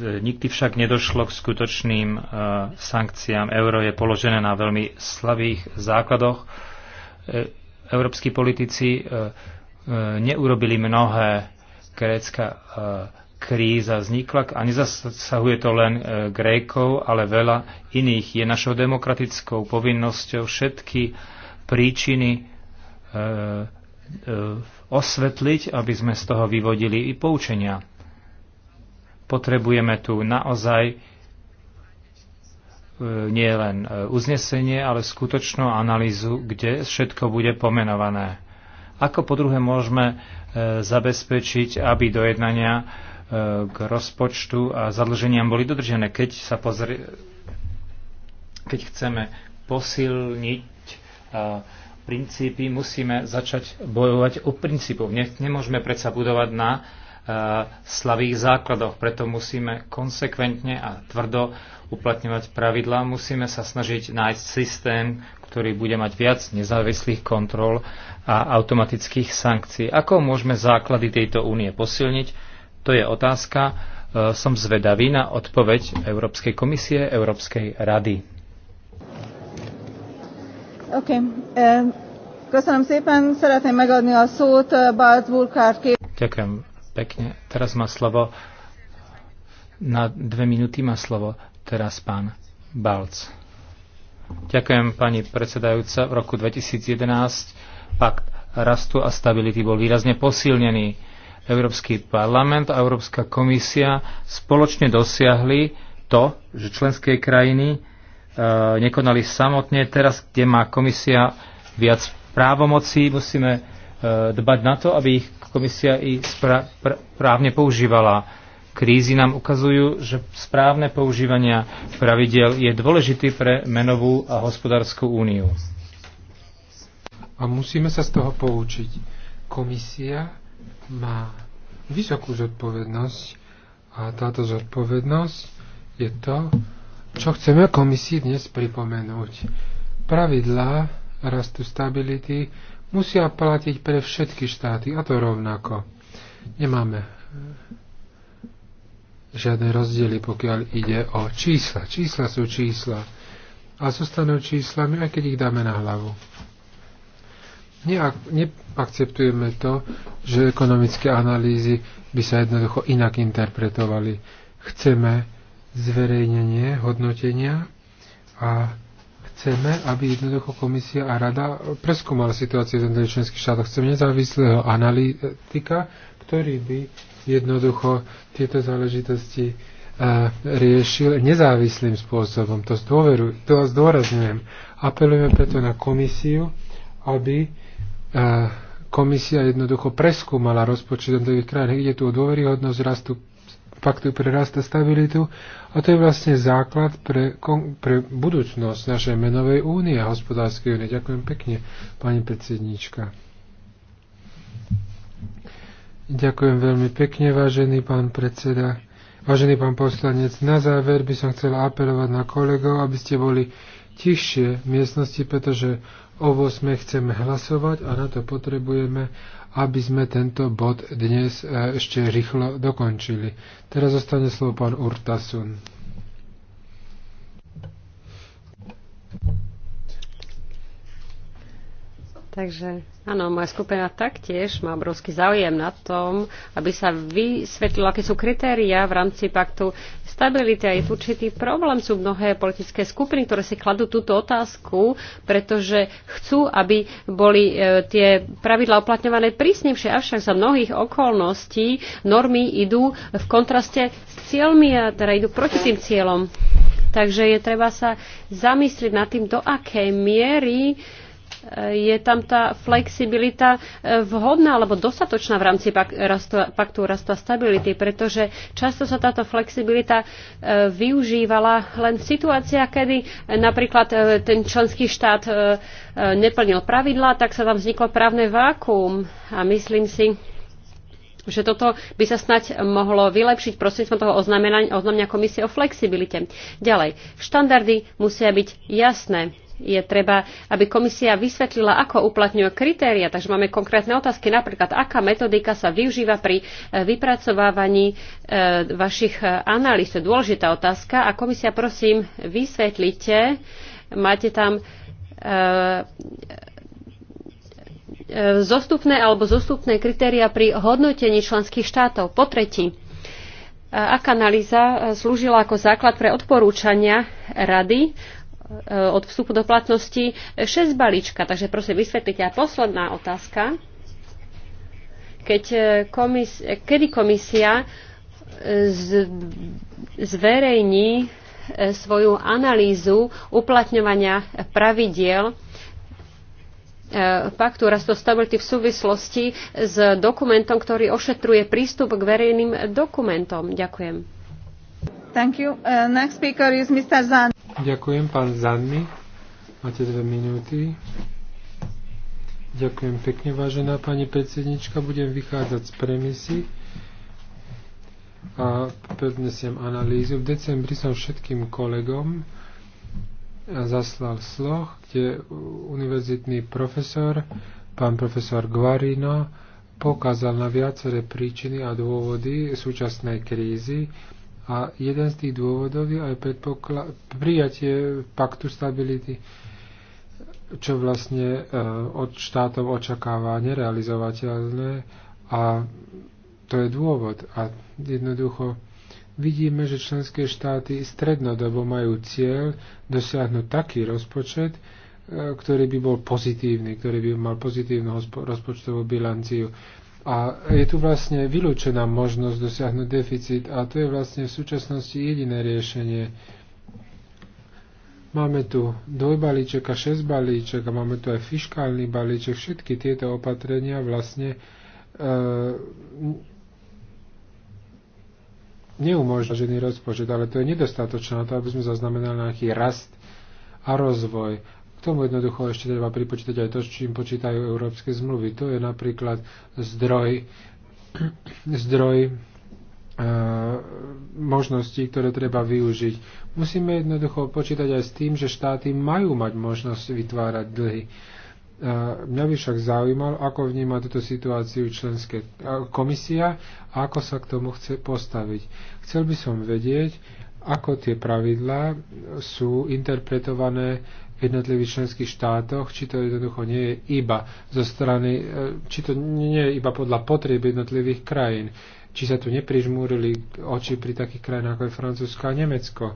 Nikdy však nedošlo k skutočným e, sankciám. Euro je položené na veľmi slabých základoch. E, európsky politici e, neurobili mnohé. Grécka kríza vznikla a nezasahuje to len Grékov, ale veľa iných. Je našou demokratickou povinnosťou všetky príčiny osvetliť, aby sme z toho vyvodili i poučenia Potrebujeme tu naozaj e, nie len e, uznesenie, ale skutočnú analýzu, kde všetko bude pomenované. Ako po druhé môžeme e, zabezpečiť, aby dojednania k rozpočtu a zadlženiam boli dodržené, keď sa pozrie, keď chceme posilniť princípy, musíme začať bojovať o princípov. Nemôžeme predsa budovať na E, slabých základoch. Preto musíme konsekventne a tvrdo uplatňovať pravidlá. Musíme sa snažiť nájsť systém, ktorý bude mať viac nezávislých kontrol a automatických sankcií. Ako môžeme základy tejto únie posilniť? To je otázka. E, som zvedavý na odpoveď Európskej komisie, Európskej rady. Okay. Um... Köszönöm szépen, szeretném megadni a szót e, Bart Burkhardt Ďakujem pekne. Teraz má slovo na dve minúty má slovo teraz pán Balc. Ďakujem pani predsedajúca. V roku 2011 pakt rastu a stability bol výrazne posilnený. Európsky parlament a Európska komisia spoločne dosiahli to, že členské krajiny e, nekonali samotne. Teraz, kde má komisia viac právomocí, musíme e, dbať na to, aby ich komisia i správne používala. Krízy nám ukazujú, že správne používania pravidel je dôležitý pre menovú a hospodárskú úniu. A musíme sa z toho poučiť. Komisia má vysokú zodpovednosť a táto zodpovednosť je to, čo chceme komisii dnes pripomenúť. Pravidlá rastu stability musia platiť pre všetky štáty, a to rovnako. Nemáme e, žiadne rozdiely, pokiaľ ide o čísla. Čísla sú čísla a zostanú číslami, aj keď ich dáme na hlavu. Neak- neakceptujeme to, že ekonomické analýzy by sa jednoducho inak interpretovali. Chceme zverejnenie hodnotenia a Chceme, aby jednoducho komisia a rada preskúmala situáciu v jednotlivých členských štátoch. Chceme nezávislého analytika, ktorý by jednoducho tieto záležitosti uh, riešil nezávislým spôsobom. To, zdôveru, to zdôrazňujem. Apelujeme preto na komisiu, aby uh, komisia jednoducho preskúmala rozpočet jednotlivých krajín. Ide tu o dôveryhodnosť rastu paktu pre rast a stabilitu a to je vlastne základ pre, pre budúcnosť našej menovej únie a hospodárskej únie. Ďakujem pekne, pani predsednička. Ďakujem veľmi pekne, vážený pán predseda. Vážený pán poslanec, na záver by som chcel apelovať na kolegov, aby ste boli tichšie miestnosti, pretože o 8 chceme hlasovať a na to potrebujeme, aby sme tento bod dnes e, ešte rýchlo dokončili. Teraz zostane slovo pán Urtasun. Takže áno, moja skupina taktiež má obrovský záujem na tom, aby sa vysvetlilo, aké sú kritéria v rámci paktu stability. A je tu určitý problém, sú mnohé politické skupiny, ktoré si kladú túto otázku, pretože chcú, aby boli e, tie pravidla uplatňované prísnejšie. Avšak za mnohých okolností normy idú v kontraste s cieľmi a teda idú proti tým cieľom. Takže je treba sa zamyslieť nad tým, do akej miery E, je tam tá flexibilita e, vhodná alebo dostatočná v rámci paktu rastu a stability, pretože často sa táto flexibilita e, využívala len v situáciách, kedy napríklad ten členský štát neplnil pravidla, tak sa tam vzniklo právne vákuum a myslím si, že toto by sa snať mohlo vylepšiť prostredstvom toho oznámenia komisie o flexibilite. Ďalej, štandardy musia byť jasné je treba, aby komisia vysvetlila, ako uplatňuje kritéria. Takže máme konkrétne otázky, napríklad, aká metodika sa využíva pri e, vypracovávaní e, vašich e, analýz. To je dôležitá otázka a komisia, prosím, vysvetlite. Máte tam zostupné alebo zostupné kritéria pri hodnotení členských štátov. Po tretí, aká analýza slúžila ako základ pre odporúčania rady E, od vstupu do platnosti 6 e, balíčka. Takže prosím, vysvetlite. A posledná otázka. Keď e, komis- kedy komisia z- zverejní svoju analýzu uplatňovania pravidiel paktu rastu stability v súvislosti s dokumentom, ktorý ošetruje prístup k verejným dokumentom. Ďakujem. Thank you. Uh, next speaker is Mr. Zan. Ďakujem, pán Zanny. Máte dve minúty. Ďakujem pekne, vážená pani predsednička. Budem vychádzať z premisy a prednesiem analýzu. V decembri som všetkým kolegom zaslal sloh, kde univerzitný profesor, pán profesor Guarino, pokázal na viaceré príčiny a dôvody súčasnej krízy, a jeden z tých dôvodov je aj prijatie paktu stability, čo vlastne e, od štátov očakáva nerealizovateľné a to je dôvod. A jednoducho vidíme, že členské štáty strednodobo majú cieľ dosiahnuť taký rozpočet, e, ktorý by bol pozitívny, ktorý by mal pozitívnu rozpočtovú bilanciu. A je tu vlastne vylúčená možnosť dosiahnuť deficit a to je vlastne v súčasnosti jediné riešenie. Máme tu dvojbalíček a šesťbalíček a máme tu aj fiškálny balíček. Všetky tieto opatrenia vlastne e, neumožnený rozpočet, ale to je nedostatočné na to, aby sme zaznamenali nejaký rast a rozvoj. K tomu jednoducho ešte treba pripočítať aj to, s čím počítajú európske zmluvy. To je napríklad zdroj, zdroj e, možností, ktoré treba využiť. Musíme jednoducho počítať aj s tým, že štáty majú mať možnosť vytvárať dlhy. E, mňa by však zaujímalo, ako vníma túto situáciu členská e, komisia a ako sa k tomu chce postaviť. Chcel by som vedieť, ako tie pravidlá sú interpretované jednotlivých členských štátoch, či to jednoducho nie je iba zo strany, e, či to nie je iba podľa potrieb jednotlivých krajín, či sa tu neprižmúrili oči pri takých krajinách ako je Francúzsko a Nemecko. E,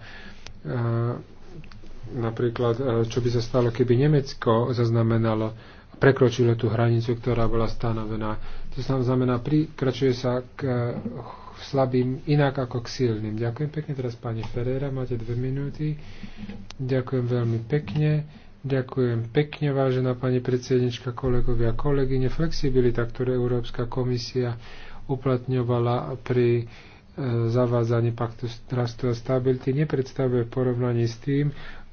napríklad, e, čo by sa stalo, keby Nemecko zaznamenalo prekročilo tú hranicu, ktorá bola stanovená. To znamená, prikračuje sa k slabým inak ako k silným. Ďakujem pekne teraz pani Ferreira, máte dve minúty. Ďakujem veľmi pekne. Ďakujem pekne, vážená pani predsednička, kolegovia kolegyne. Flexibilita, ktorú Európska komisia uplatňovala pri e, zavádzanie paktu rastu a stability nepredstavuje porovnanie s tým,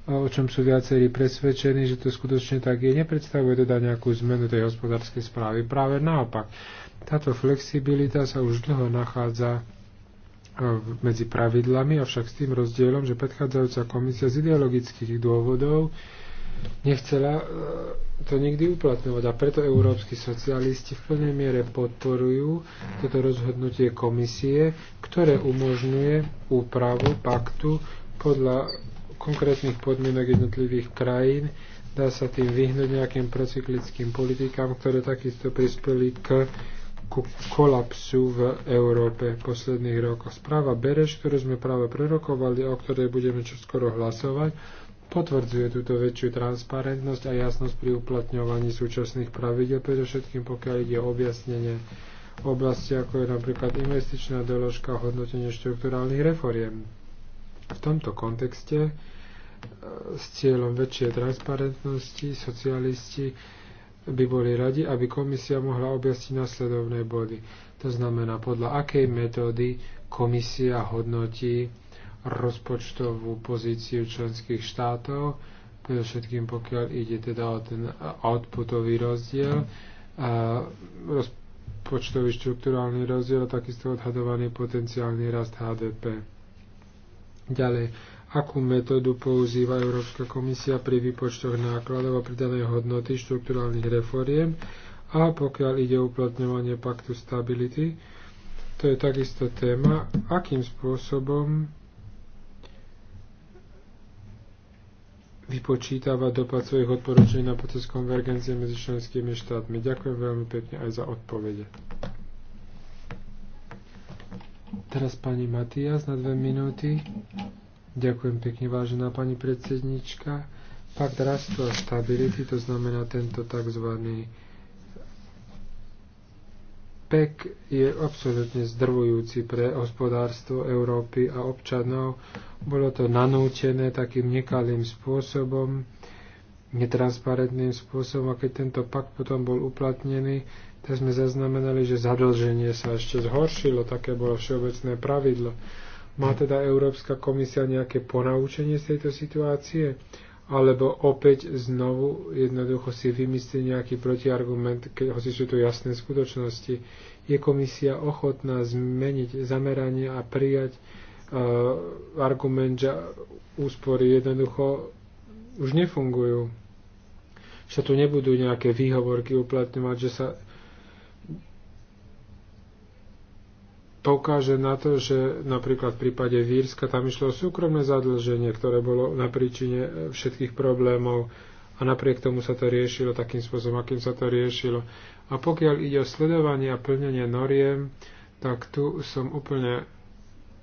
o čom sú viacerí presvedčení, že to skutočne tak je, nepredstavuje teda nejakú zmenu tej hospodárskej správy. Práve naopak, táto flexibilita sa už dlho nachádza e, medzi pravidlami, avšak s tým rozdielom, že predchádzajúca komisia z ideologických dôvodov nechcela e, to nikdy uplatňovať. A preto európsky socialisti v plnej miere podporujú toto rozhodnutie komisie, ktoré umožňuje úpravu paktu podľa konkrétnych podmienok jednotlivých krajín. Dá sa tým vyhnúť nejakým procyklickým politikám, ktoré takisto prispeli k, ku kolapsu v Európe v posledných rokoch. Správa Bereš, ktorú sme práve prerokovali, o ktorej budeme čoskoro hlasovať, potvrdzuje túto väčšiu transparentnosť a jasnosť pri uplatňovaní súčasných pravidel, predovšetkým pokiaľ ide o objasnenie oblasti, ako je napríklad investičná doložka hodnotenie štruktúrálnych reforiem. V tomto kontexte s cieľom väčšej transparentnosti socialisti by boli radi, aby komisia mohla objasniť nasledovné body. To znamená, podľa akej metódy komisia hodnotí rozpočtovú pozíciu členských štátov, predovšetkým pokiaľ ide teda o ten outputový rozdiel, a rozpočtový štruktúrálny rozdiel a takisto odhadovaný potenciálny rast HDP. Ďalej, akú metódu používa Európska komisia pri výpočtoch nákladov a pridanej hodnoty štruktúrálnych reforiem a pokiaľ ide o uplatňovanie paktu stability, to je takisto téma, akým spôsobom vypočítava dopad svojich odporúčaní na proces konvergencie medzi členskými štátmi. Ďakujem veľmi pekne aj za odpovede. Teraz pani Matias na dve minúty. Ďakujem pekne, vážená pani predsednička. Pakt rastu a stability, to znamená tento tzv. PEK je absolútne zdrvujúci pre hospodárstvo Európy a občanov. Bolo to nanútené takým nekalým spôsobom, netransparentným spôsobom a keď tento pakt potom bol uplatnený, tak sme zaznamenali, že zadlženie sa ešte zhoršilo, také bolo všeobecné pravidlo. Má teda Európska komisia nejaké ponaučenie z tejto situácie? Alebo opäť znovu jednoducho si vymyslí nejaký protiargument, keď hoci sú tu jasné skutočnosti. Je komisia ochotná zmeniť zameranie a prijať uh, argument, že úspory jednoducho už nefungujú. Že tu nebudú nejaké výhovorky uplatňovať, že sa poukáže na to, že napríklad v prípade Vírska tam išlo o súkromné zadlženie, ktoré bolo na príčine e, všetkých problémov a napriek tomu sa to riešilo takým spôsobom, akým sa to riešilo. A pokiaľ ide o sledovanie a plnenie noriem, tak tu som úplne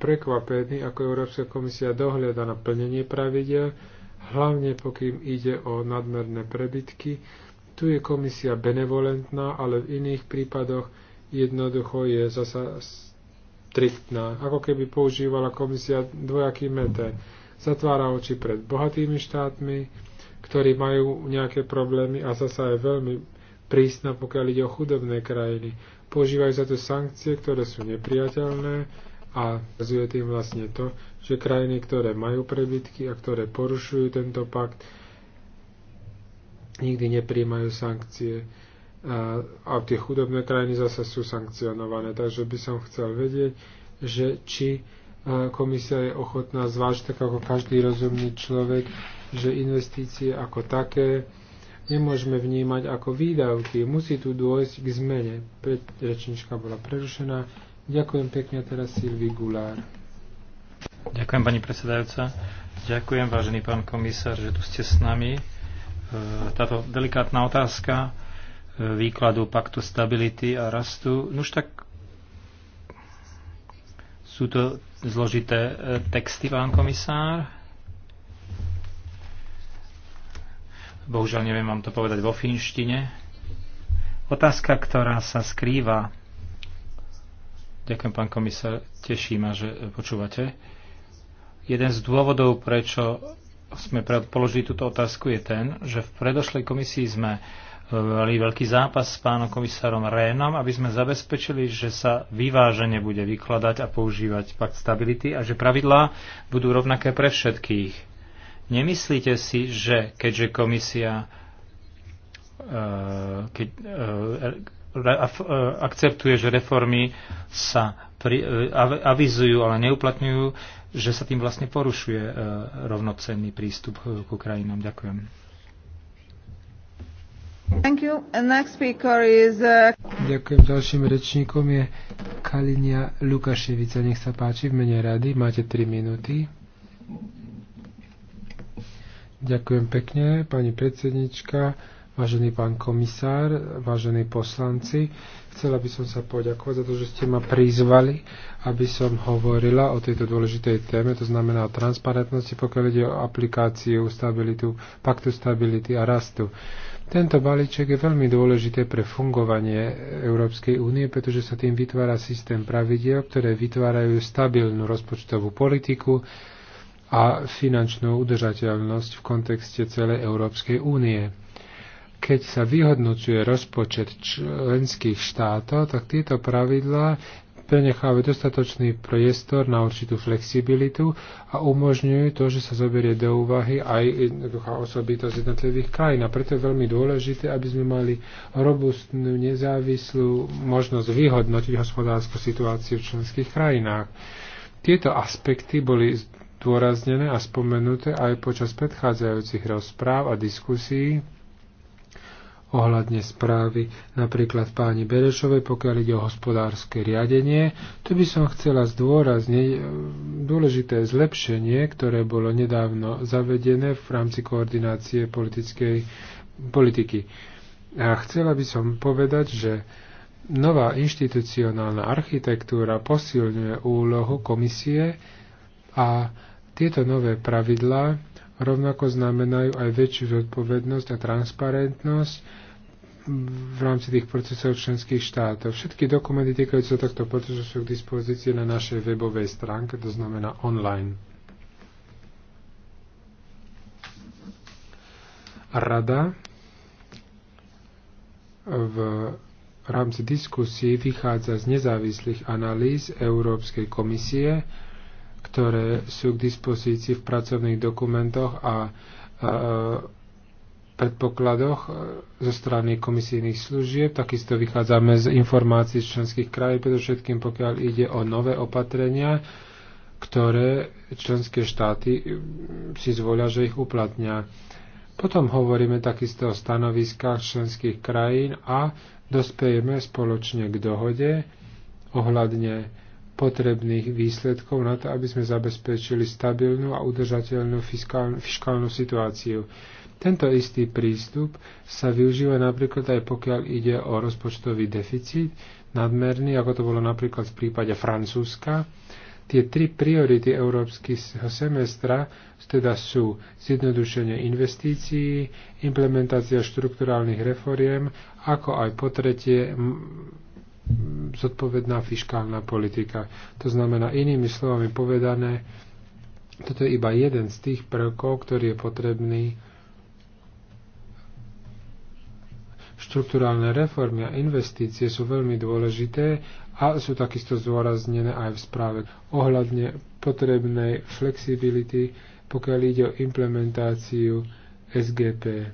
prekvapený, ako Európska komisia dohľada na plnenie pravidel, hlavne pokým ide o nadmerné prebytky. Tu je komisia benevolentná, ale v iných prípadoch jednoducho je zasa tristná. Ako keby používala komisia dvojaký meter. Zatvára oči pred bohatými štátmi, ktorí majú nejaké problémy a zasa je veľmi prísna, pokiaľ ide o chudobné krajiny. Používajú za to sankcie, ktoré sú nepriateľné a zuje tým vlastne to, že krajiny, ktoré majú prebytky a ktoré porušujú tento pakt, nikdy nepríjmajú sankcie a tie chudobné krajiny zase sú sankcionované. Takže by som chcel vedieť, že či komisia je ochotná zvážiť, tak ako každý rozumný človek, že investície ako také nemôžeme vnímať ako výdavky. Musí tu dôjsť k zmene. Rečnička bola prerušená. Ďakujem pekne teraz Silvi Gulár. Ďakujem pani predsedajúca. Ďakujem vážený pán komisár, že tu ste s nami. E, táto delikátna otázka výkladu paktu stability a rastu. Nuž tak sú to zložité e, texty, pán komisár. Bohužiaľ neviem vám to povedať vo finštine. Otázka, ktorá sa skrýva. Ďakujem, pán komisár. Teší ma, že počúvate. Jeden z dôvodov, prečo sme položili túto otázku, je ten, že v predošlej komisii sme mali veľký zápas s pánom komisárom Rénom, aby sme zabezpečili, že sa vyvážene bude vykladať a používať pakt stability a že pravidlá budú rovnaké pre všetkých. Nemyslíte si, že keďže komisia eh, keď, eh, eh, akceptuje, že reformy sa pri, avizujú, ale neuplatňujú, že sa tým vlastne porušuje rovnocenný prístup k Ukrajinám? Ďakujem. Thank you. And next speaker is, uh... Ďakujem. Ďalším rečníkom je Kalinia Lukaševica. Nech sa páči, v mene rady. Máte 3 minúty. Ďakujem pekne, pani predsednička, vážený pán komisár, vážení poslanci. Chcela by som sa poďakovať za to, že ste ma prizvali, aby som hovorila o tejto dôležitej téme, to znamená o transparentnosti, pokiaľ ide o aplikáciu stabilitu, paktu stability a rastu. Tento balíček je veľmi dôležité pre fungovanie Európskej únie, pretože sa tým vytvára systém pravidiel, ktoré vytvárajú stabilnú rozpočtovú politiku a finančnú udržateľnosť v kontexte celej Európskej únie. Keď sa vyhodnocuje rozpočet členských štátov, tak tieto pravidlá prenechávajú dostatočný priestor na určitú flexibilitu a umožňujú to, že sa zoberie do úvahy aj jednoduchá osobitosť jednotlivých krajín. A preto je veľmi dôležité, aby sme mali robustnú, nezávislú možnosť vyhodnotiť hospodárskú situáciu v členských krajinách. Tieto aspekty boli zdôraznené a spomenuté aj počas predchádzajúcich rozpráv a diskusí ohľadne správy napríklad páni Berešovej, pokiaľ ide o hospodárske riadenie. Tu by som chcela zdôrazniť e, dôležité zlepšenie, ktoré bolo nedávno zavedené v rámci koordinácie politickej politiky. A chcela by som povedať, že nová inštitucionálna architektúra posilňuje úlohu komisie a tieto nové pravidlá rovnako znamenajú aj väčšiu zodpovednosť a transparentnosť v rámci tých procesov členských štátov. Všetky dokumenty týkajúce tohto procesu sú k dispozícii na našej webovej stránke, to znamená online. Rada v rámci diskusí vychádza z nezávislých analýz Európskej komisie, ktoré sú k dispozícii v pracovných dokumentoch a predpokladoch e, zo strany komisijných služieb. Takisto vychádzame z informácií z členských krajín, predovšetkým pokiaľ ide o nové opatrenia, ktoré členské štáty e, si zvolia, že ich uplatnia. Potom hovoríme takisto o stanoviskách členských krajín a dospejeme spoločne k dohode ohľadne potrebných výsledkov na to, aby sme zabezpečili stabilnú a udržateľnú fiskálnu, fiskálnu situáciu. Tento istý prístup sa využíva napríklad aj pokiaľ ide o rozpočtový deficit, nadmerný, ako to bolo napríklad v prípade Francúzska, tie tri priority európskeho semestra teda sú zjednodušenie investícií, implementácia štrukturálnych reforiem, ako aj po tretie zodpovedná fiskálna politika. To znamená, inými slovami povedané, toto je iba jeden z tých prvkov, ktorý je potrebný Štrukturálne reformy a investície sú veľmi dôležité a sú takisto zdôraznené aj v správe ohľadne potrebnej flexibility, pokiaľ ide o implementáciu SGP.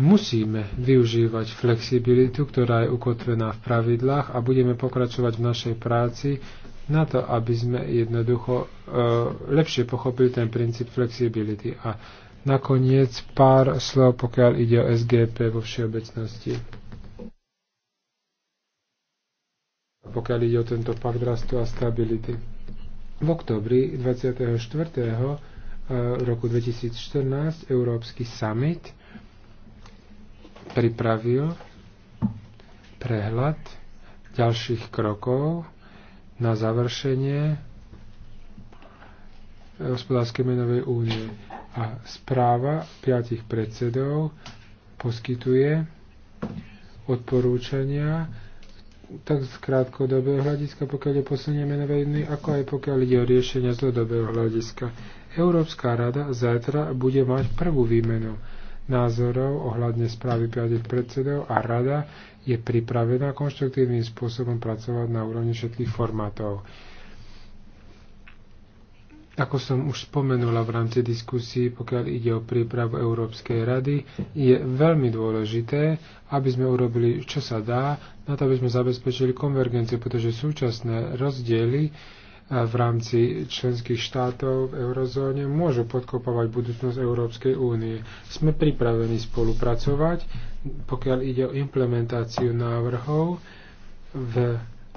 musíme využívať flexibilitu, ktorá je ukotvená v pravidlách a budeme pokračovať v našej práci na to, aby sme jednoducho e, lepšie pochopili ten princíp flexibility. A nakoniec pár slov, pokiaľ ide o SGP vo všeobecnosti. Pokiaľ ide o tento pakt rastu a stability. V oktobri 24. E, roku 2014 Európsky summit pripravil prehľad ďalších krokov na završenie hospodárskej menovej únie. A správa piatich predsedov poskytuje odporúčania tak z krátkodobého hľadiska, pokiaľ je posunie menovej únie, ako aj pokiaľ ide o riešenia z dlhodobého hľadiska. Európska rada zajtra bude mať prvú výmenu názorov ohľadne správy piatich predsedov a rada je pripravená konštruktívnym spôsobom pracovať na úrovni všetkých formátov. Ako som už spomenula v rámci diskusí, pokiaľ ide o prípravu Európskej rady, je veľmi dôležité, aby sme urobili, čo sa dá, na to, aby sme zabezpečili konvergenciu, pretože súčasné rozdiely v rámci členských štátov v eurozóne môžu podkopovať budúcnosť Európskej únie. Sme pripravení spolupracovať, pokiaľ ide o implementáciu návrhov v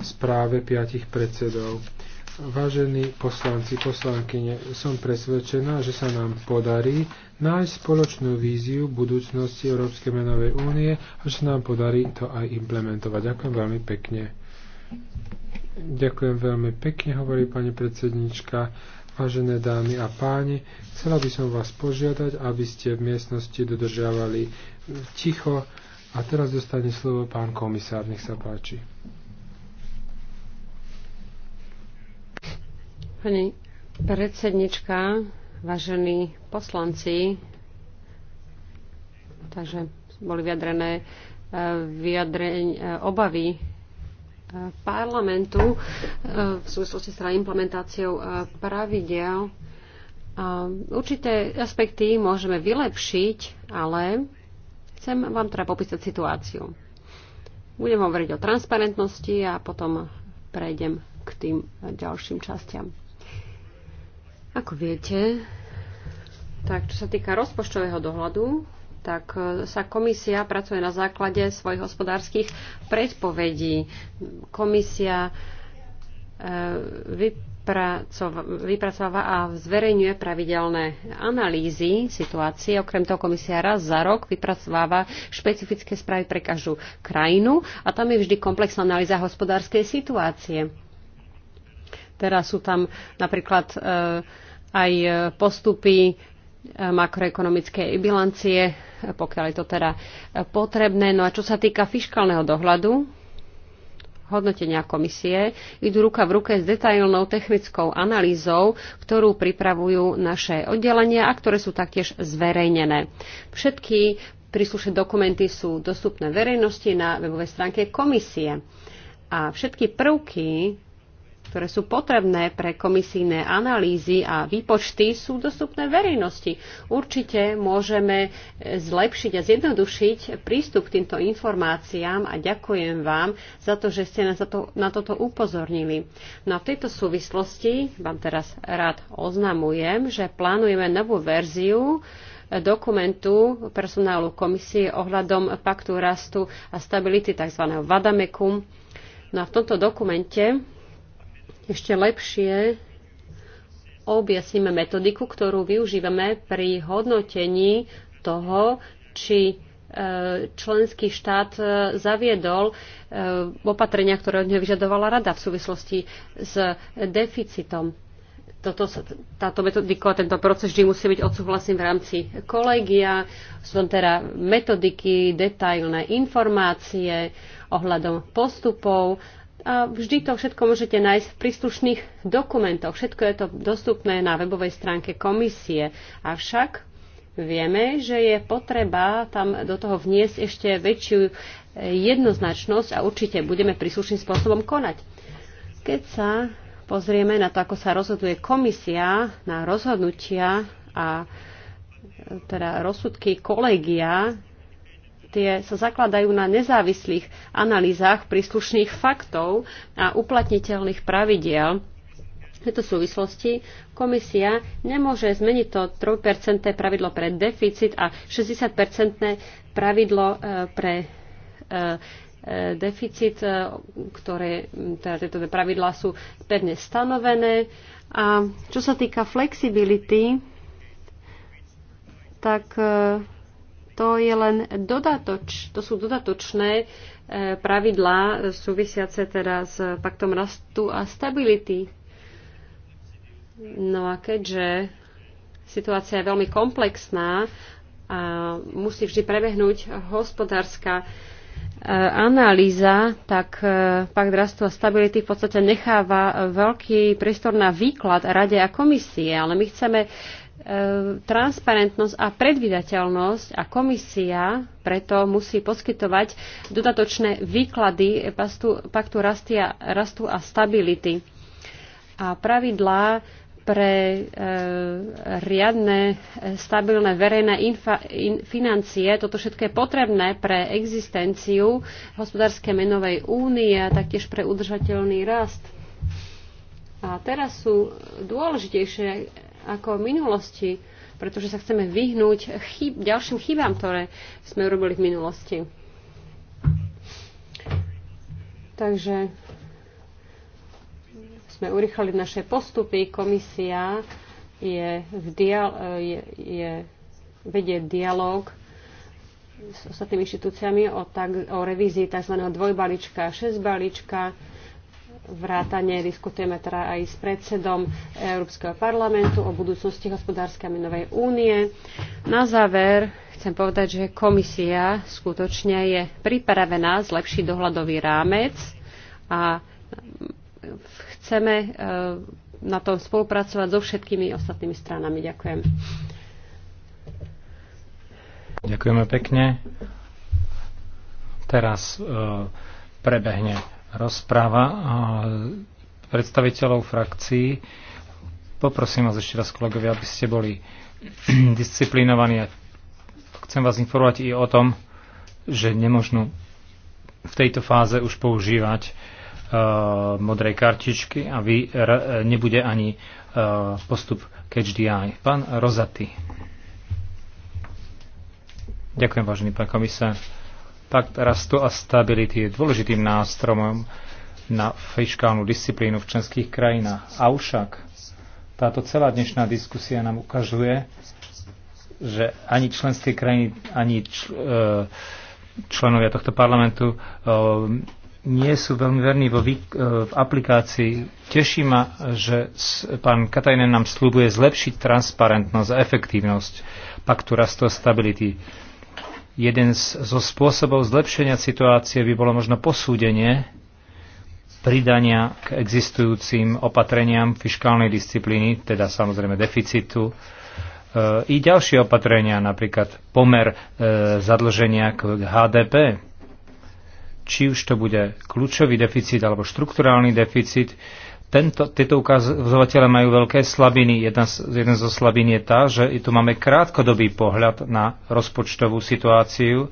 správe piatich predsedov. Vážení poslanci, poslankyne, som presvedčená, že sa nám podarí nájsť spoločnú víziu budúcnosti Európskej menovej únie a že sa nám podarí to aj implementovať. Ďakujem veľmi pekne. Ďakujem veľmi pekne, hovorí pani predsednička. Vážené dámy a páni, chcela by som vás požiadať, aby ste v miestnosti dodržiavali ticho a teraz dostane slovo pán komisár, nech sa páči. Pani predsednička, vážení poslanci, takže boli vyjadrené eh, vyjadreň, eh, obavy parlamentu e, v súvislosti s teda implementáciou e, pravidel. Určité aspekty môžeme vylepšiť, ale chcem vám teda popísať situáciu. Budem hovoriť o transparentnosti a potom prejdem k tým ďalším častiam. Ako viete, tak čo sa týka rozpočtového dohľadu, tak e, sa komisia pracuje na základe svojich hospodárskych predpovedí. Komisia e, vypracováva a zverejňuje pravidelné analýzy situácie. Okrem toho komisia raz za rok vypracováva špecifické správy pre každú krajinu a tam je vždy komplexná analýza hospodárskej situácie. Teraz sú tam napríklad e, aj postupy Eh, makroekonomické bilancie, eh, pokiaľ je to teda eh, potrebné. No a čo sa týka fiskálneho dohľadu, hodnotenia komisie idú ruka v ruke s detailnou technickou analýzou, ktorú pripravujú naše oddelenia a ktoré sú taktiež zverejnené. Všetky príslušné dokumenty sú dostupné verejnosti na webovej stránke komisie. A všetky prvky ktoré sú potrebné pre komisijné analýzy a výpočty, sú dostupné verejnosti. Určite môžeme e, zlepšiť a zjednodušiť prístup k týmto informáciám a ďakujem vám za to, že ste nás na, to, na toto upozornili. No a v tejto súvislosti vám teraz rád oznamujem, že plánujeme novú verziu e, dokumentu personálu komisie ohľadom paktu rastu a stability, tzv. Vadamekum. No a v tomto dokumente ešte lepšie objasníme metodiku, ktorú využívame pri hodnotení toho, či e, členský štát e, zaviedol e, opatrenia, ktoré od neho vyžadovala rada v súvislosti s deficitom. Toto, táto metodika a tento proces vždy musí byť odsúhlasený v rámci kolegia. Sú tam teda metodiky, detailné informácie ohľadom postupov a vždy to všetko môžete nájsť v príslušných dokumentoch. Všetko je to dostupné na webovej stránke komisie. Avšak vieme, že je potreba tam do toho vniesť ešte väčšiu e, jednoznačnosť a určite budeme príslušným spôsobom konať. Keď sa pozrieme na to, ako sa rozhoduje komisia na rozhodnutia a e, teda rozsudky kolegia tie sa zakladajú na nezávislých analýzach príslušných faktov a uplatniteľných pravidiel. V tejto súvislosti komisia nemôže zmeniť to 3% pravidlo pre deficit a 60% pravidlo e, pre e, e, deficit, ktoré teda tieto pravidlá sú pevne stanovené. A čo sa týka flexibility, tak to, je len dodatoč, to sú dodatočné e, pravidlá súvisiace teda s paktom rastu a stability. No a keďže situácia je veľmi komplexná a musí vždy prebehnúť hospodárska e, analýza, tak e, pakt rastu a stability v podstate necháva veľký priestor na výklad Rade a komisie, ale my chceme E, transparentnosť a predvydateľnosť a komisia preto musí poskytovať dodatočné výklady pastu, paktu rastia, rastu a stability. A pravidlá pre e, riadne, stabilné verejné infa, in, financie. Toto všetko je potrebné pre existenciu hospodárskej menovej únie a taktiež pre udržateľný rast. A teraz sú dôležitejšie ako v minulosti, pretože sa chceme vyhnúť chyb, ďalším chybám, ktoré sme urobili v minulosti. Takže sme urychali naše postupy. Komisia je v dial- je, je, vedie dialog s ostatnými inštitúciami o, tak, o revízii tzv. dvojbalička, šesťbalička vrátane diskutujeme teda aj s predsedom Európskeho parlamentu o budúcnosti hospodárskej a menovej únie. Na záver chcem povedať, že komisia skutočne je pripravená zlepšiť dohľadový rámec a mm, chceme e, na tom spolupracovať so všetkými ostatnými stranami. Ďakujem. Ďakujeme pekne. Teraz e, prebehne rozpráva predstaviteľov frakcií. Poprosím vás ešte raz, kolegovia, aby ste boli disciplinovaní a chcem vás informovať i o tom, že nemožno v tejto fáze už používať uh, e, modrej kartičky a vy, r, e, nebude ani uh, postup KDI. Pán Rozaty. Ďakujem, vážený pán komisár. Pakt rastu a stability je dôležitým nástromom na fiskálnu disciplínu v členských krajinách. Avšak táto celá dnešná diskusia nám ukazuje, že ani členské krajiny, ani čl, e, členovia tohto parlamentu e, nie sú veľmi verní vo vý, e, v aplikácii. Teší ma, že pán Katajnen nám slúbuje zlepšiť transparentnosť a efektívnosť paktu rastu a stability Jeden z, zo spôsobov zlepšenia situácie by bolo možno posúdenie pridania k existujúcim opatreniam fiskálnej disciplíny, teda samozrejme deficitu, e, i ďalšie opatrenia, napríklad pomer e, zadlženia k HDP. Či už to bude kľúčový deficit alebo štrukturálny deficit, tento, tieto ukazovatele majú veľké slabiny. Jedna, jeden zo slabín je tá, že tu máme krátkodobý pohľad na rozpočtovú situáciu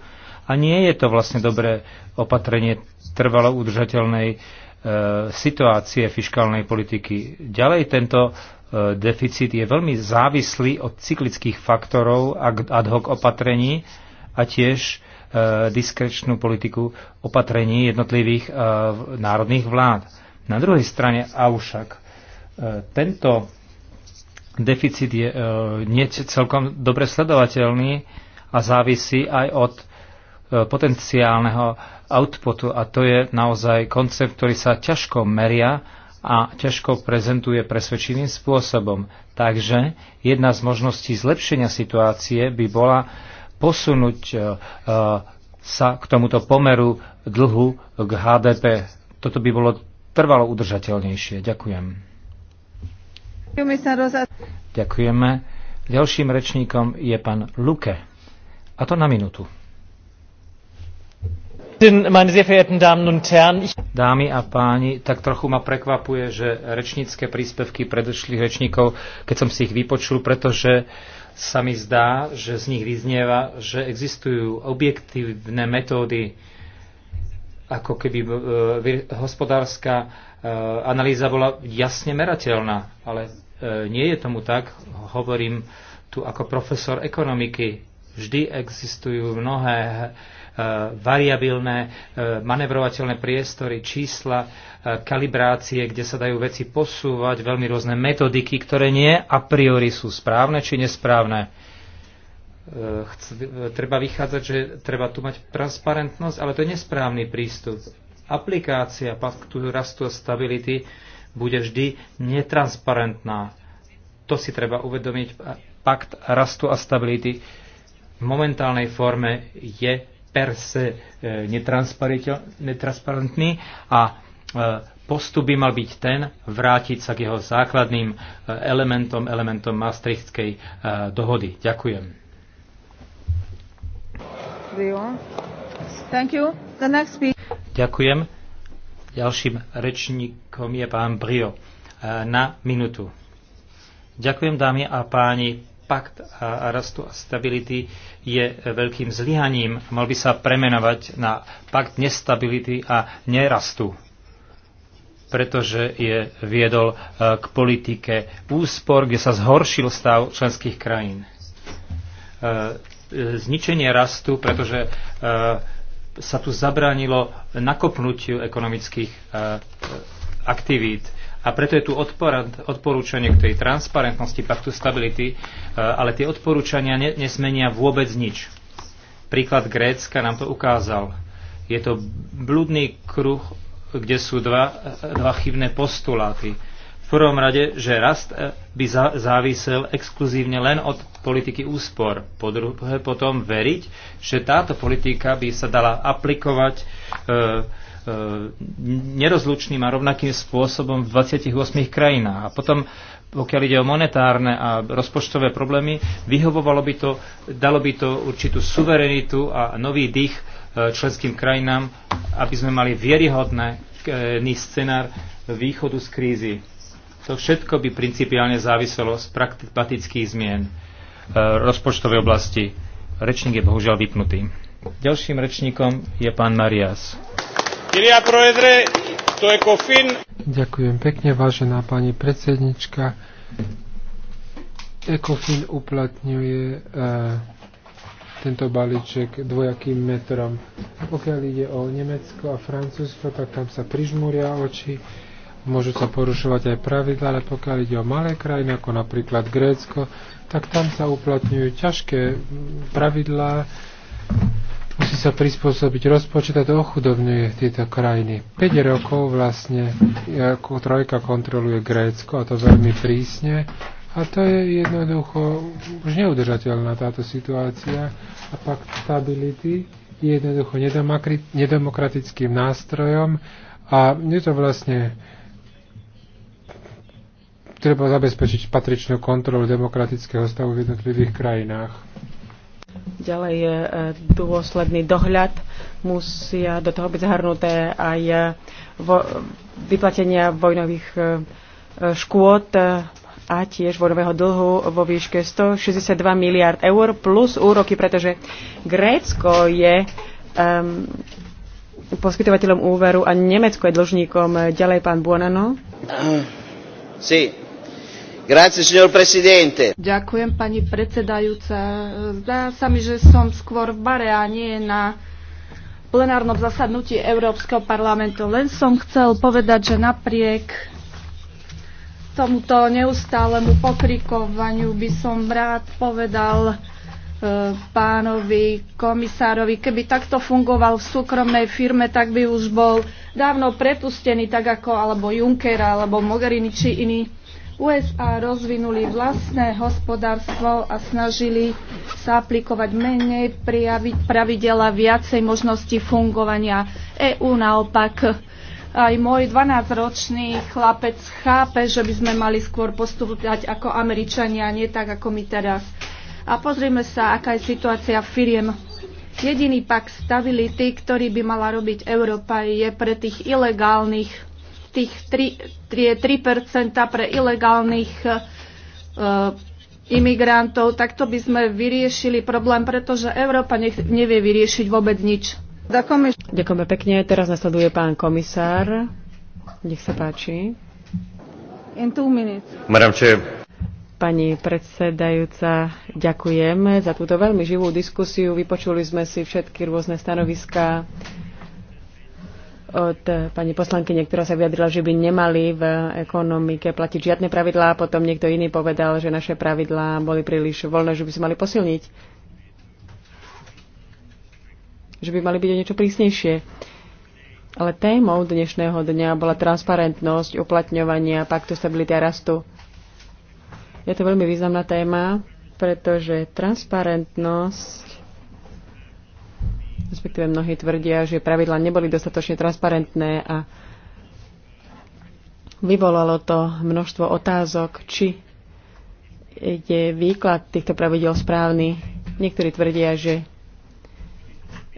a nie je to vlastne dobré opatrenie trvalo udržateľnej e, situácie fiskálnej politiky. Ďalej tento e, deficit je veľmi závislý od cyklických faktorov a ad hoc opatrení a tiež e, diskrečnú politiku opatrení jednotlivých e, národných vlád na druhej strane avšak e, tento deficit je e, nie celkom dobre sledovateľný a závisí aj od e, potenciálneho outputu a to je naozaj koncept, ktorý sa ťažko meria a ťažko prezentuje presvedčivým spôsobom. Takže jedna z možností zlepšenia situácie by bola posunúť sa k tomuto pomeru dlhu k HDP. Toto by bolo trvalo udržateľnejšie. Ďakujem. Ďakujeme. Ďalším rečníkom je pán Luke. A to na minútu. Dámy a páni, tak trochu ma prekvapuje, že rečnícke príspevky predošlých rečníkov, keď som si ich vypočul, pretože sa mi zdá, že z nich vyznieva, že existujú objektívne metódy ako keby e, hospodárska e, analýza bola jasne merateľná, ale e, nie je tomu tak. Hovorím tu ako profesor ekonomiky. Vždy existujú mnohé variabilné, manevrovateľné priestory, čísla, kalibrácie, kde sa dajú veci posúvať, veľmi rôzne metodiky, ktoré nie a priori sú správne či nesprávne treba vychádzať, že treba tu mať transparentnosť, ale to je nesprávny prístup. Aplikácia paktu rastu a stability bude vždy netransparentná. To si treba uvedomiť. Pakt rastu a stability v momentálnej forme je per se e, netransparentný a e, postup by mal byť ten vrátiť sa k jeho základným e, elementom, elementom Maastrichtskej dohody. Ďakujem. Ďakujem. Ďalším rečníkom je pán Brio e, na minutu. Ďakujem, dámy a páni. Pakt a rastu a stability je veľkým zlyhaním. Mal by sa premenovať na pakt nestability a nerastu pretože je viedol e, k politike úspor, kde sa zhoršil stav členských krajín e, zničenie rastu, pretože e, sa tu zabránilo nakopnutiu ekonomických e, e, aktivít. A preto je tu odporúčanie k tej transparentnosti paktu stability, ale tie odporúčania nesmenia vôbec nič. Príklad Grécka nám to ukázal. Je to blúdny kruh, kde sú dva, dva chybné postuláty prvom rade, že rast eh, by závisel exkluzívne len od politiky úspor. Po druhé potom veriť, že táto politika by sa dala aplikovať e, e, nerozlučným a rovnakým spôsobom v 28 krajinách. A potom pokiaľ ide o monetárne a rozpočtové problémy, vyhovovalo by to, dalo by to určitú suverenitu a nový dých členským krajinám, aby sme mali vieryhodný scenár východu z krízy. To všetko by principiálne záviselo z praktických zmien eh, rozpočtovej oblasti. Rečník je bohužiaľ vypnutý. Ďalším rečníkom je pán Marias. Ďakujem pekne, vážená pani predsednička. ECOFIN uplatňuje e, tento balíček dvojakým metrom. Pokiaľ ide o Nemecko a Francúzsko, tak tam sa prižmúria oči môžu sa porušovať aj pravidla, ale pokiaľ ide o malé krajiny, ako napríklad Grécko, tak tam sa uplatňujú ťažké mm, pravidlá, musí sa prispôsobiť rozpočet a to ochudobňuje tieto krajiny. 5 rokov vlastne ako e, trojka kontroluje Grécko a to veľmi prísne a to je jednoducho už neudržateľná táto situácia a pak stability je jednoducho nedemokratickým nástrojom a je to vlastne treba zabezpečiť patričnú kontrolu demokratického stavu v jednotlivých krajinách. Ďalej je e, dôsledný dohľad. Musia do toho byť zahrnuté aj e, vo, vyplatenia vojnových e, škôd a tiež vojnového dlhu vo výške 162 miliard eur plus úroky, pretože Grécko je um, poskytovateľom úveru a Nemecko je dlžníkom. Ďalej pán Buonano. Sí. Ďakujem, pani predsedajúca. Zdá sa mi, že som skôr v bare a nie na plenárnom zasadnutí Európskeho parlamentu. Len som chcel povedať, že napriek tomuto neustálemu pokrikovaniu by som rád povedal e, pánovi komisárovi, keby takto fungoval v súkromnej firme, tak by už bol dávno prepustený, tak ako alebo Juncker, alebo Mogherini či iní. USA rozvinuli vlastné hospodárstvo a snažili sa aplikovať menej pravidela viacej možnosti fungovania. EÚ naopak aj môj 12-ročný chlapec chápe, že by sme mali skôr postupovať ako Američania, nie tak ako my teraz. A pozrime sa, aká je situácia firiem. Jediný pak stability, ktorý by mala robiť Európa, je pre tých ilegálnych tých 3, 3, 3% pre ilegálnych uh, imigrantov, tak to by sme vyriešili problém, pretože Európa nech, nevie vyriešiť vôbec nič. Ďakujeme pekne. Teraz nasleduje pán komisár. Nech sa páči. In two minutes. Pani predsedajúca, ďakujem za túto veľmi živú diskusiu. Vypočuli sme si všetky rôzne stanoviská od pani poslankyne, ktorá sa vyjadrila, že by nemali v ekonomike platiť žiadne pravidlá, potom niekto iný povedal, že naše pravidlá boli príliš voľné, že by sme mali posilniť. Že by mali byť o niečo prísnejšie. Ale témou dnešného dňa bola transparentnosť uplatňovania paktu stability a rastu. Je to veľmi významná téma, pretože transparentnosť respektíve mnohí tvrdia, že pravidla neboli dostatočne transparentné a vyvolalo to množstvo otázok, či je výklad týchto pravidel správny. Niektorí tvrdia, že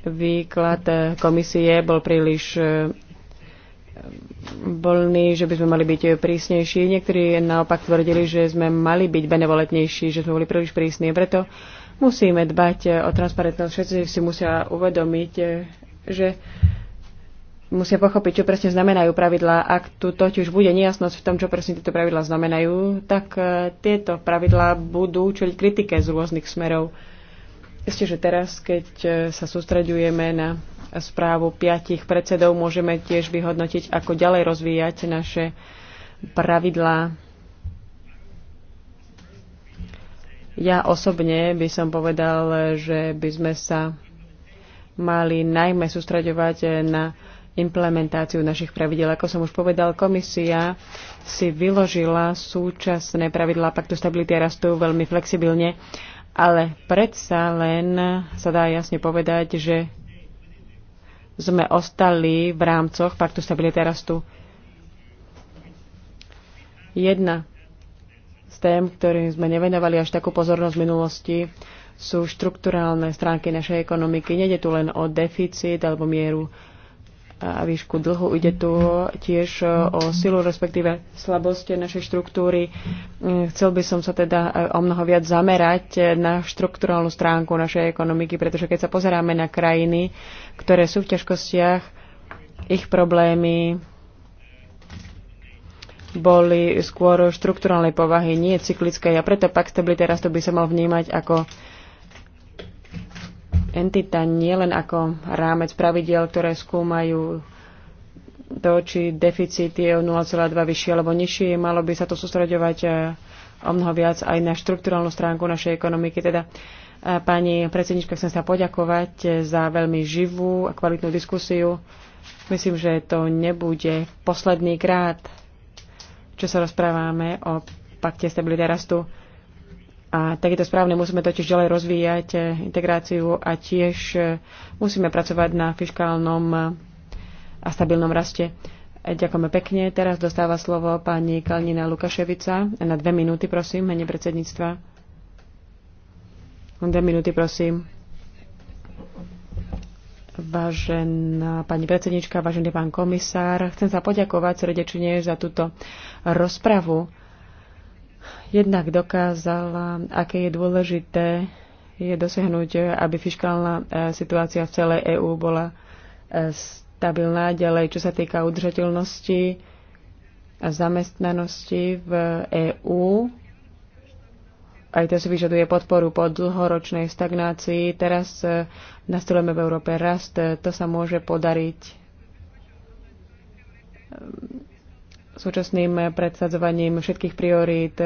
výklad komisie bol príliš e, voľný, že by sme mali byť prísnejší. Niektorí naopak tvrdili, že sme mali byť benevolentnejší, že sme boli príliš prísni. Preto Musíme dbať e, o transparentnosť. Všetci si musia uvedomiť, e, že musia pochopiť, čo presne znamenajú pravidlá. Ak tu totiž bude nejasnosť v tom, čo presne tieto pravidlá znamenajú, tak e, tieto pravidlá budú čeliť kritike z rôznych smerov. Ešte, že teraz, keď sa sústreďujeme na správu piatich predsedov, môžeme tiež vyhodnotiť, ako ďalej rozvíjať naše pravidlá Ja osobne by som povedal, že by sme sa mali najmä sústraďovať na implementáciu našich pravidel. Ako som už povedal, komisia si vyložila súčasné pravidlá Paktu stability a rastu veľmi flexibilne, ale predsa len sa dá jasne povedať, že sme ostali v rámcoch Paktu stability a rastu. Jedna z tém, ktorým sme nevenovali až takú pozornosť v minulosti, sú štrukturálne stránky našej ekonomiky. Nede tu len o deficit alebo mieru a výšku dlhu. Ide tu tiež e, o silu, respektíve slabosti našej štruktúry. Mm, chcel by som sa teda e, o mnoho viac zamerať e, na štruktúrálnu stránku našej ekonomiky, pretože keď sa pozeráme na krajiny, ktoré sú v ťažkostiach, ich problémy boli skôr štrukturálnej povahy, nie cyklické. A preto pak teraz rastu by sa mal vnímať ako entita, nie len ako rámec pravidel, ktoré skúmajú to, či deficit je o 0,2 vyšší alebo nižší. Malo by sa to sústredovať e, o mnoho viac aj na štrukturálnu stránku našej ekonomiky. Teda e, pani predsednička, chcem sa poďakovať e, za veľmi živú a kvalitnú diskusiu. Myslím, že to nebude posledný krát čo sa rozprávame o pakte stability rastu. A tak je to správne, musíme totiž ďalej rozvíjať eh, integráciu a tiež eh, musíme pracovať na fiskálnom eh, a stabilnom raste. Ďakujeme pekne. Teraz dostáva slovo pani Kalnina Lukaševica. Na dve minúty, prosím, mene predsedníctva. Dve minúty, prosím. Vážená pani predsednička, vážený pán komisár, chcem sa poďakovať srdečne za túto rozpravu. Jednak dokázala, aké je dôležité je dosiahnuť, aby fiskálna e, situácia v celej EÚ bola e, stabilná ďalej, čo sa týka udržateľnosti a zamestnanosti v EÚ aj to si vyžaduje podporu po dlhoročnej stagnácii. Teraz e, nastolujeme v Európe rast, e, to sa môže podariť e, súčasným predsadzovaním všetkých priorít,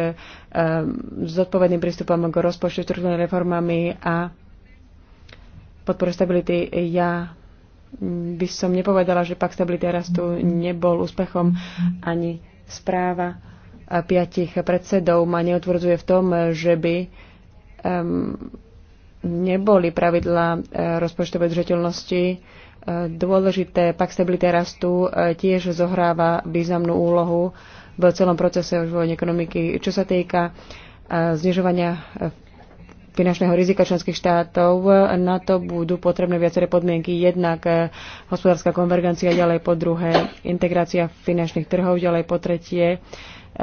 zodpovedným prístupom k rozpočtu, štruktúrnej reformami a podporu stability. Ja by som nepovedala, že pak stability rastu nebol úspechom ani správa piatich predsedov ma neotvrdzuje v tom, že by um, neboli pravidla eh, rozpočtovej držateľnosti eh, dôležité. Pak stability rastu eh, tiež zohráva významnú úlohu v celom procese rozvoja ekonomiky. Čo sa týka znižovania finančného rizika členských štátov, na to budú potrebné viaceré podmienky. Jednak hospodárska konvergencia, ďalej po druhé integrácia finančných trhov, ďalej po tretie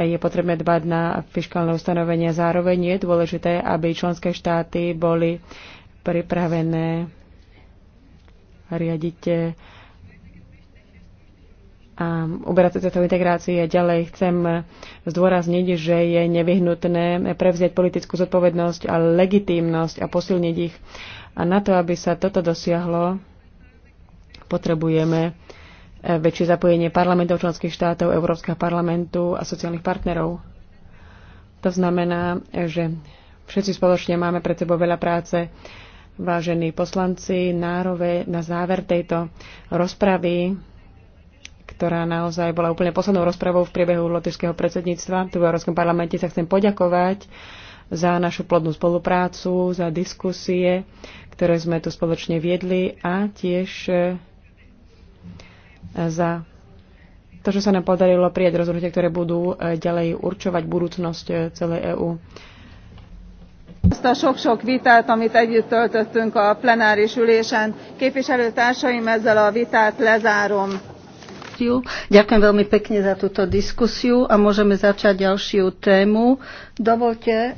je potrebné dbať na fiskálne ustanovenia. Zároveň je dôležité, aby členské štáty boli pripravené riadiť eh, a uberať sa cestou integrácie. Ďalej chcem zdôrazniť, že je nevyhnutné prevziať politickú zodpovednosť a legitímnosť a posilniť ich. A na to, aby sa toto dosiahlo, potrebujeme väčšie zapojenie parlamentov členských štátov, Európskeho parlamentu a sociálnych partnerov. To znamená, že všetci spoločne máme pred sebou veľa práce. Vážení poslanci, nárove, na záver tejto rozpravy, ktorá naozaj bola úplne poslednou rozpravou v priebehu lotyšského predsedníctva tu v Európskom parlamente, sa chcem poďakovať za našu plodnú spoluprácu, za diskusie, ktoré sme tu spoločne viedli a tiež za to, že sa nám podarilo prijať rozhodnutia, ktoré budú e, ďalej určovať budúcnosť e, celej EÚ. Azt a sok-sok vitát, amit együtt töltöttünk a plenáris ülésen, képviselőtársaim ezzel a vitát lezárom. Ďakujem veľmi pekne za túto diskusiu a môžeme začať ďalšiu tému. Dovolte,